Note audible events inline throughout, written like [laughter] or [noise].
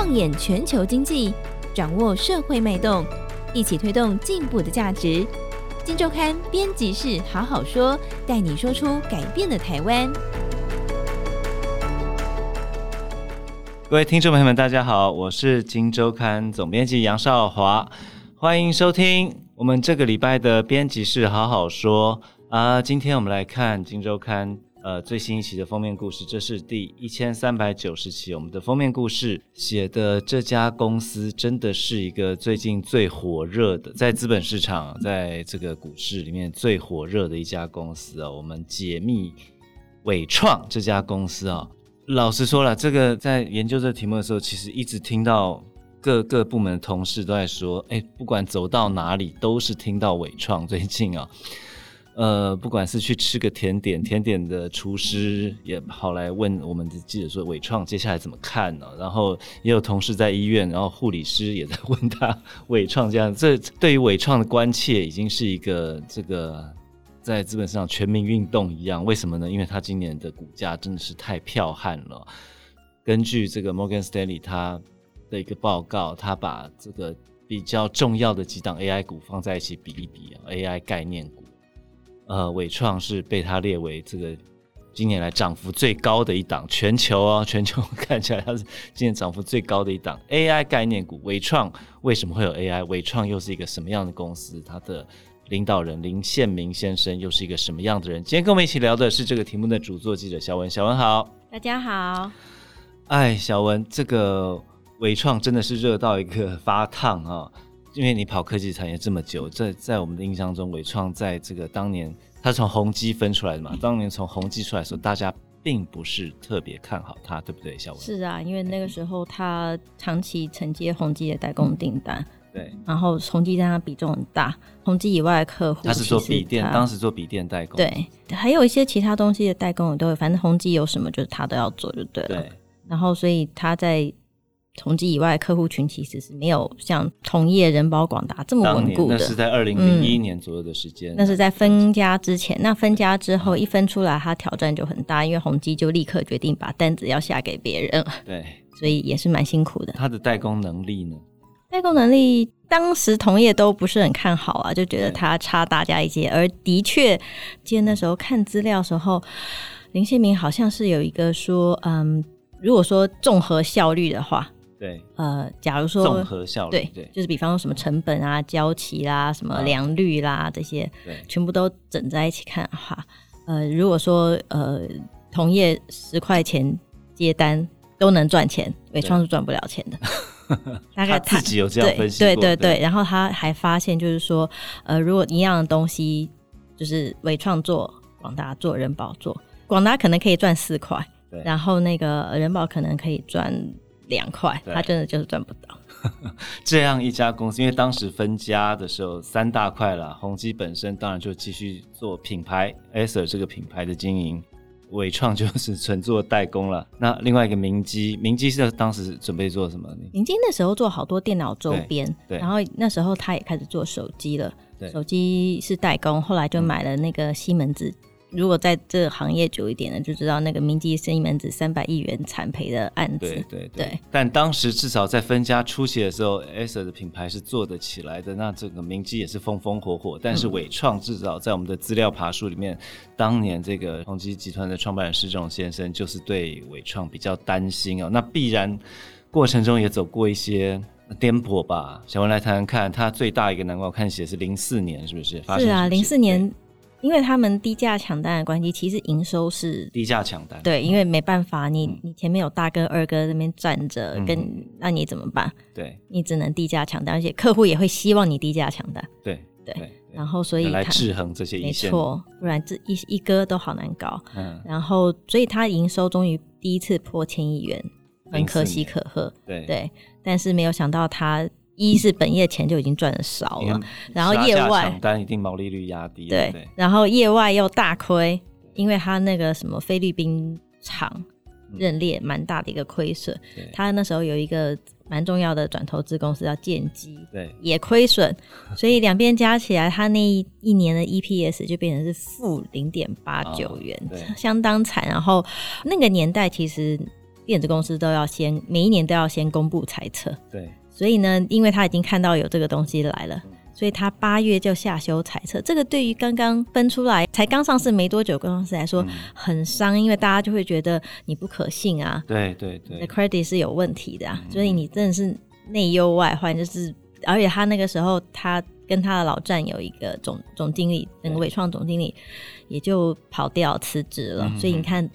放眼全球經濟，掌握社會脈動，一起推動進步的價值。今周刊編輯室好好說，帶你說出改變的台灣。各位聽眾朋友們，大家好，我是今周刊總編輯楊紹華，歡迎收聽我們這個禮拜的編輯室好好說啊、呃，今天我們來看今周刊。呃，最新一期的封面故事，這是第一千三百九十期。我們的封面故事寫的這家公司，真的是一個最近最火熱的，在資本市場，在這個股市裡面最火熱的一家公司啊。我們解密緯創這家公司啊。老實說了，這個在研究這個題目的時候，其實一直聽到各個部門的同事都在說，哎，不管走到哪裡都是聽到緯創最近啊。呃，不管是去吃個甜點，甜點的廚師也跑來問我們的記者說：“緯創接下來怎麼看呢、哦？”然後也有同事在醫院，然後護理師也在問他緯創這樣，這對於緯創的關切已經是一個這個在資本市場全民運動一樣。為什麼呢？因為他今年的股價真的是太剽悍了。根據這個 Morgan Stanley 他的一個報告，他把這個比較重要的幾檔 AI 股放在一起比一比啊，AI 概念股。呃，緯創是被他列為這個今年來漲幅最高的一檔全球哦，全球看起來他是今年漲幅最高的一檔 AI 概念股。緯創為什麼會有 AI？緯創又是一個什麼樣的公司？他的領導人林憲銘先生又是一個什麼樣的人？今天跟我們一起聊的是這個題目的主作記者小文，小文好，大家好。哎，小文，這個緯創真的是熱到一個發燙啊、哦。因為你跑科技產業這麼久，在在我們的印象中，緯創在這個當年，他從宏碁分出來的嘛。當年從宏碁出來的時候，大家並不是特別看好他，對不對，小凱？是啊，因為那個時候他長期承接宏碁的代工訂單、嗯，對。然後宏碁占他比重很大，宏碁以外的客戶，他是做筆電，當時做筆電代工，對。還有一些其他東西的代工，也都會。反正宏碁有什麼，就是他都要做，就對了。對。然後，所以他在。同碁以外客戶群其實是沒有像同業仁寶廣達這麼穩固的。當年，那是在二零零一年左右的時間、嗯，那是在分家之前、嗯。那分家之後一分出來，他挑戰就很大，因為宏碁就立刻決定把單子要下給別人了。對，所以也是蠻辛苦的。他的代工能力呢？代工能力當時同業都不是很看好啊，就覺得他差大家一截。而的確，今天那時候看資料的時候，林憲銘好像是有一個說，嗯，如果說綜合效率的話。對，呃，假如說綜合效率，對，對就是比方說什麼成本啊、交期啦、啊、什麼良率啦、啊啊、這些，對，全部都整在一起看哈。呃，如果說呃同業十塊錢接單都能賺錢，緯創是賺不了錢的。大概他，他自己有這樣分析過，對，對對對，對，然後他還發現就是說，呃，如果一樣東西，就是緯創做廣達做仁寶做，廣達可能可以賺四塊，然後那個仁寶可能可以賺。兩塊，他真的就是賺不到。 [laughs] 這樣一家公司，因為當時分家的時候，三大塊啦。宏碁本身當然就繼續做品牌，Acer 這個品牌的經營。緯創就是純做代工了。那另外一個明基，明基是當時準備做什麼？明基那時候做好多電腦周邊，然後那時候他也開始做手機了。對手機是代工，後來就買了那個西門子。嗯如果在這個行業久一點呢，就知道那個明基併西門子三百億元慘賠的案子。對對對，對。但當時至少在分家初期的時候，Acer 的品牌是做得起來的，那整個明基也是風風火火。但是緯創至少在我們的資料爬梳裡面，嗯，當年這個宏碁集團的創辦人施仲先生就是對緯創比較擔心哦。那必然過程中也走過一些顛簸吧？我們來談談看，它最大一個難關，我看寫是零四年，是不是？發生是啊，零四年。因為他們低價搶單的關係，其實營收是低價搶單。對，因為沒辦法，你、嗯、你前面有大哥二哥在那邊站着、嗯，跟那你怎麼辦？對，你只能低價搶單，而且客戶也會希望你低價搶單。對對，對，然後所以來制衡這些，沒錯，不然這一一哥都好難搞。嗯，然後所以他營收終於第一次破千億元，很可喜可賀。對對，對，但是沒有想到他。一是本業錢就已經賺的少了，了，然後業外，但一定毛利率壓低對。對，然後業外又大虧，因為他那個什麼菲律賓廠認列蠻大的一個虧損，他、嗯、那時候有一個蠻重要的轉投資公司叫建基，對，也虧損，所以兩邊加起來，他那一年的 EPS 就變成是負零點八九元，哦，相當慘。然後那個年代其實電子公司都要先每一年都要先公布財報，對。所以呢，因為他已經看到有這個東西來了，所以他八月就下修財測。這個對於剛剛分出來、才剛上市沒多久公司來說、嗯、很傷，因為大家就會覺得你不可信啊。對對對、The、credit 是有問題的啊。嗯、所以你真的是內憂外患，就是而且他那個時候，他跟他的老戰友一個總總經理，那個緯創總經理也就跑掉辭職了、嗯哼哼。所以你看，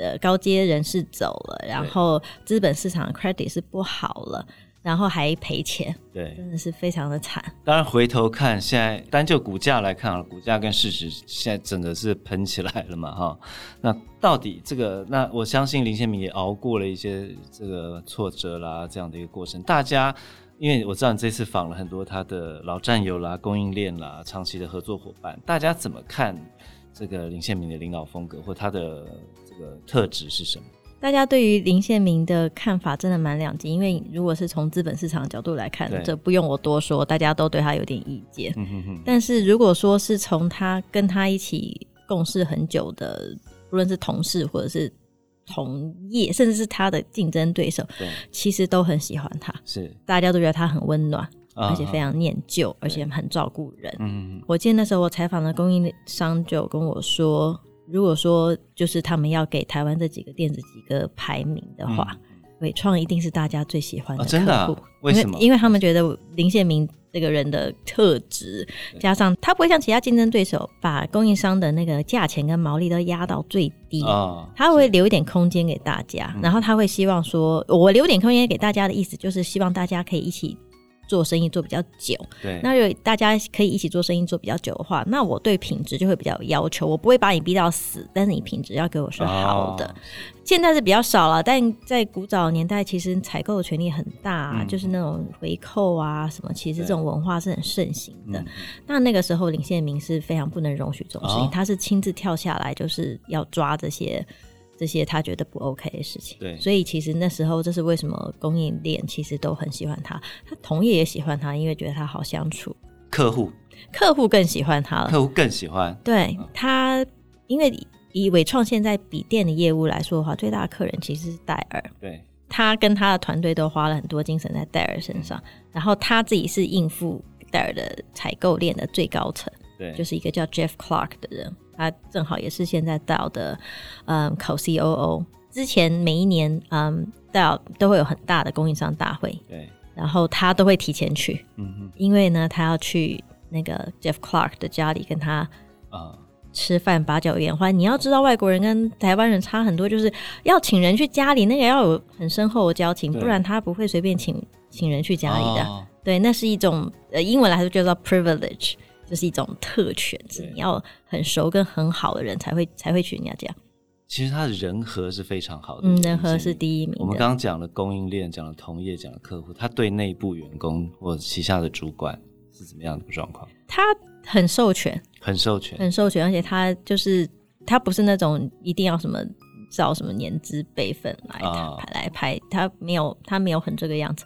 呃，高階人士走了，然後資本市場的 credit 是不好了。然後還賠錢，對，真的是非常的慘。當然，回頭看現在單就股價來看啊，股價跟市值現在整個是噴起來了嘛，哈。那到底這個，那我相信林憲銘也熬過了一些這個挫折啦，這樣的一個過程。大家，因為我知道你這次訪了很多他的老戰友啦、供應鏈啦、長期的合作夥伴，大家怎麼看這個林憲銘的領導風格或他的這個特質是什麼？大家對於林憲銘的看法真的蠻兩極，因為如果是從資本市場的角度來看，這不用我多說，大家都對他有點意見。嗯、哼哼，但是如果說是從他跟他一起共事很久的，不論是同事或者是同業，甚至是他的競爭對手對，其實都很喜歡他。是。大家都覺得他很溫暖，uh -huh. 而且非常念舊，而且很照顧人、嗯哼哼。我記得那時候我採訪的供應商就跟我說。如果說就是他們要給台灣這幾個電子幾個排名的話，緯、嗯、創，一定是大家最喜歡的、哦。真的、啊？為什麼？因為他們覺得林憲銘這個人的特質，加上他不會像其他競爭對手把供應商的那個價錢跟毛利都壓到最低、哦，他會留一點空間給大家、嗯。然後他會希望說，我留一點空間給大家的意思，就是希望大家可以一起。做生意做比較久，對，那如果大家可以一起做生意做比較久的話，那我對品質就會比較有要求，我不會把你逼到死，但是你品質要給我是好的、哦。現在是比較少了，但在古早年代，其實採購的權力很大、啊嗯，就是那種回扣啊什麼，其實這種文化是很盛行的。嗯、那那個時候，林憲銘是非常不能容許這種事情，哦、他是親自跳下來，就是要抓這些。這些他覺得不 OK 的事情，對，所以其實那時候，這是為什麼供應鏈其實都很喜歡他，他同業也喜歡他，因為覺得他好相處。客戶，客戶更喜歡他了，客戶更喜歡。對他，因為以緯創現在筆電的業務來說的話，最大的客人其實是戴爾。對，他跟他的團隊都花了很多精神在戴爾身上，然後他自己是應付戴爾的採購鏈的最高層，對，就是一個叫 Jeff Clark 的人。他正好也是現在 Dell 的，嗯，考 CO C O O 之前每一年，嗯，Dell 都會有很大的供應商大會，對，然後他都會提前去，嗯哼，因為呢，他要去那個 Jeff Clark 的家裡跟他啊吃飯把、uh. 酒言歡、言，歡，你要知道外國人跟台灣人差很多，就是要請人去家裡，那個要有很深厚的交情，不然他不會隨便請請人去家裡的，oh. 對，那是一種呃英文來說就叫做 privilege。就是一種特權，就是、你要很熟跟很好的人才會才會娶人家這樣。其實他的人和是非常好的，嗯，人和是第一名。我們剛講了供應鏈，講了同業，講的客戶，他對內部員工或旗下的主管是怎麼樣的一個狀況？他很授權，很授權，很授權，而且他就是他不是那種一定要什麼照什麼年資輩分來、哦、來排，他沒有他沒有很這個樣子。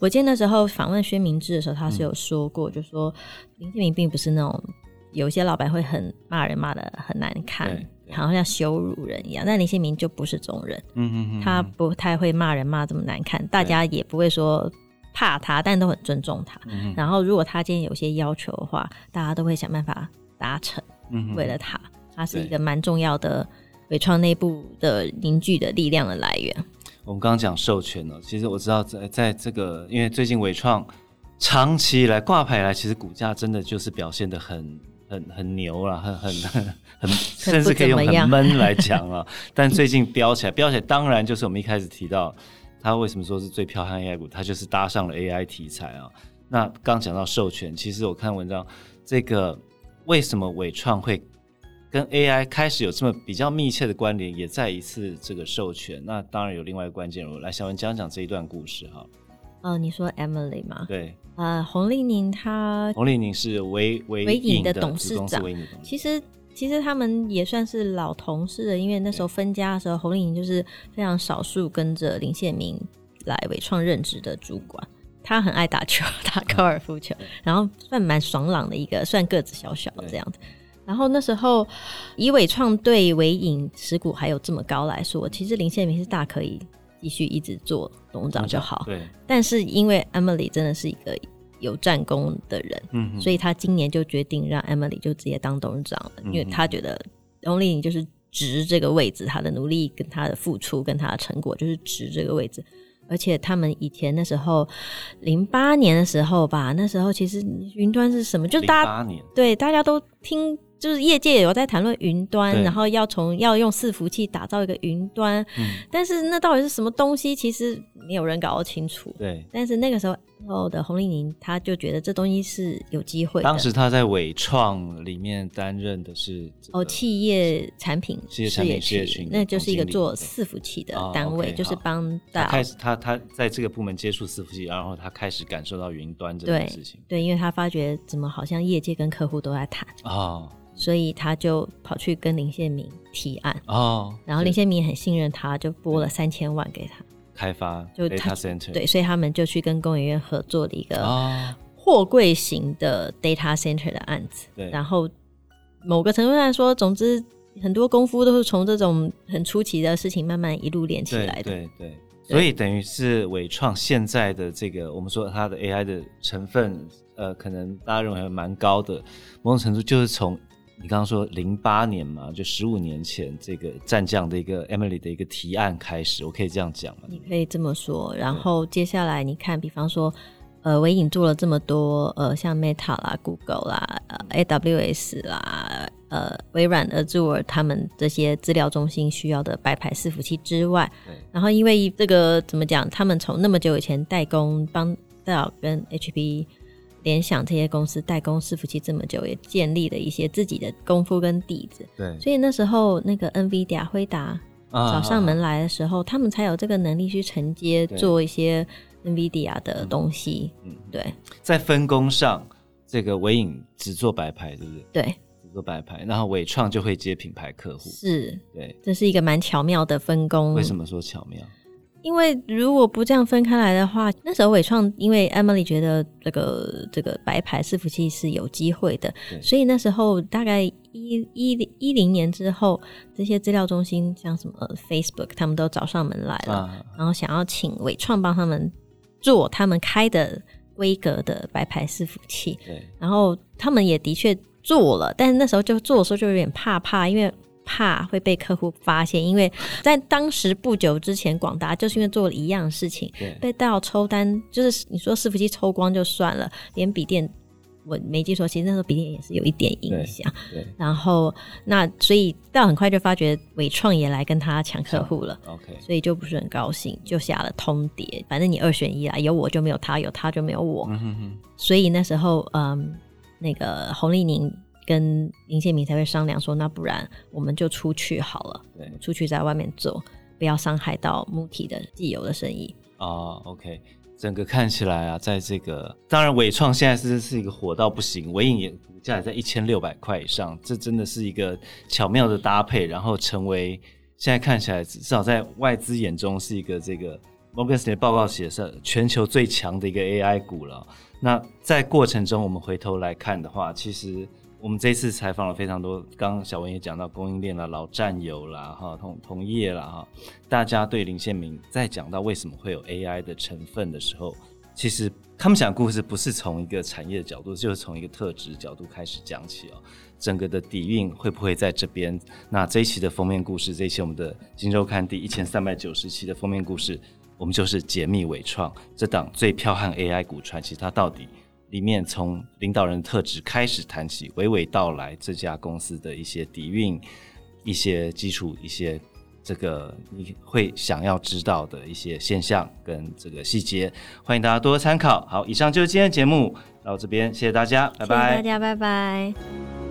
我記得那時候訪問宣明智的時候，他是有說過，就說林憲銘並不是那種有些老闆會很罵人罵的很難看，然後像羞辱人一樣。但林憲銘就不是這種人，嗯哼哼，他不太會罵人罵這麼難看，大家也不會說怕他，但都很尊重他，嗯。然後如果他今天有些要求的話，大家都會想辦法達成，為了他，嗯，他是一個蠻重要的緯創內部的凝聚的力量的來源。我們剛剛講授權了，其實我知道在在這個，因為最近偉創長期以來掛牌來，其實股價真的就是表現得很很很牛了，很很很甚至可以用很悶來講啦。但最近飆起來，飆起來當然就是我們一開始提到它為什麼說是最剽悍 AI 股，它就是搭上了 AI 題材啊。那剛剛講到授權，其實我看文章，這個為什麼偉創會？跟 AI 開始有這麼比較密切的關聯，也再一次這個授權。那當然有另外一個關鍵人物來，小文講講這一段故事哈。哦，你說 Emily 嗎？對，呃，洪麗寗她，洪麗寗是緯緯緯穎的董事長。其實其實他們也算是老同事了，因為那時候分家的時候，洪麗寗就是非常少數跟着林憲銘來緯創任職的主管。他很愛打球，打高爾夫球、嗯，然後算蠻爽朗的一個，算個子小小的這樣子然後那時候，以緯創對緯穎持股還有這麼高來說，其實林憲銘是大可以繼續一直做董事長就好，嗯。對。但是因為 Emily 真的是一個有戰功的人，嗯，所以他今年就決定讓 Emily 就直接當董事長了，嗯，因為他覺得 Emily 就是值這個位置，嗯，他的努力跟他的付出跟他的成果就是值這個位置。而且他們以前那時候，零八年的時候吧，那時候其實雲端是什麼，就大家對大家都聽。就是業界也有在談論雲端，然後要從要用伺服器打造一個雲端。嗯，但是那到底是什麼東西？其實沒有人搞得清楚。對，但是那個時候。後的洪麗寗，他就覺得這東西是有機會的。當時他在緯創裡面擔任的是、這個、哦企業產品，企業產品群，那就是一個做伺服器的單位，哦、okay, 就是幫到開始他他在這個部門接觸伺服器，然後他開始感受到雲端這件事情對。對，因為他發覺怎麼好像業界跟客戶都在談哦。所以他就跑去跟林憲銘提案哦。然後林憲銘很信任他，就撥了三千萬給他。開發就 data center 對，所以他們就去跟工業院合作的一個貨櫃型的 data center 的案子。哦、然後某個程度上說，總之很多功夫都是從這種很出奇的事情慢慢一路連起來的。對，對，對，對，所以等於是緯創現在的這個，我們說它的 AI 的成分，呃，可能大家認為還蠻高的，某種程度就是從。你剛剛說零八年嘛，就十五年前這個戰將的一個 Emily 的一個提案開始，我可以這樣講嗎？你可以這麼說。然後接下來你看，比方說，呃，緯穎做了這麼多，呃，像 Meta 啦、Google 啦、呃、AWS 啦、呃，微軟 Azure 他們這些資料中心需要的白牌伺服器之外，然後因為這個怎麼講，他們從那麼久以前代工幫戴爾跟 HP。聯想這些公司代工伺服器這麼久，也建立了一些自己的功夫跟底子。對，所以那時候那個 NVIDIA 輝達，找上門來的時候，啊，他們才有這個能力去承接做一些 NVIDIA 的東西。嗯，嗯，對。在分工上，這個緯穎只做白牌，對不對？對，只做白牌，然後緯創就會接品牌客戶。是，對，這是一個蠻巧妙的分工。為什麼說巧妙？因為如果不這樣分開來的話，那時候緯創因為 Emily 覺得這個這個白牌伺服器是有機會的，所以那時候大概一一一,一零年之後，這些資料中心像什麼 Facebook 他們都找上門來了，啊、然後想要請緯創幫他們做他們開的規格的白牌伺服器。對，然後他們也的確做了，但是那時候就做的時候就有點怕怕，因為。怕會被客戶發現，因為在當時不久之前，廣達就是因為做了一樣的事情，yeah. 被盜抽單，就是你說伺服器抽光就算了，連筆電我沒記錯，其實那時候筆電也是有一點影響。Yeah. 然後、yeah. 那所以到很快就發覺緯創也來跟他搶客戶了、yeah.，OK，所以就不是很高興，就下了通牒，反正你二選一啊，有我就沒有他，有他就沒有我。Mm -hmm. 所以那時候，嗯，那個洪麗寗。跟林建明才會商量說，那不然我們就出去好了，對，出去在外面走，不要傷害到木體的自由的生意哦、oh, OK，整個看起來啊，在這個當然偉創現在是是一個火到不行，偉影也股價在一千六百塊以上，這真的是一個巧妙的搭配，然後成為現在看起來至少在外資眼中是一個這個摩根斯 g 的報告寫上全球最強的一個 AI 股了。那在過程中我們回頭來看的話，其實。我們這一次採訪了非常多，剛剛小文也講到供應鏈的老戰友啦，哈，同同業啦哈，大家對林憲銘在講到為什麼會有 AI 的成分的時候，其實他們講的故事不是從一個產業的角度，就是從一個特質角度開始講起哦。整個的底蘊會不會在這邊？那這一期的封面故事，這一期我們的《今周刊》第一千三百九十期的封面故事，我們就是解密緯創這檔最剽悍 AI 股傳奇，其實它到底。裡面從領導人特質開始談起，娓娓道來這家公司的一些底蘊、一些基礎、一些這個你會想要知道的一些現象跟這個細節，歡迎大家多參考。好，以上就是今天節目到這邊，謝謝大家，拜拜。謝謝大家，拜拜。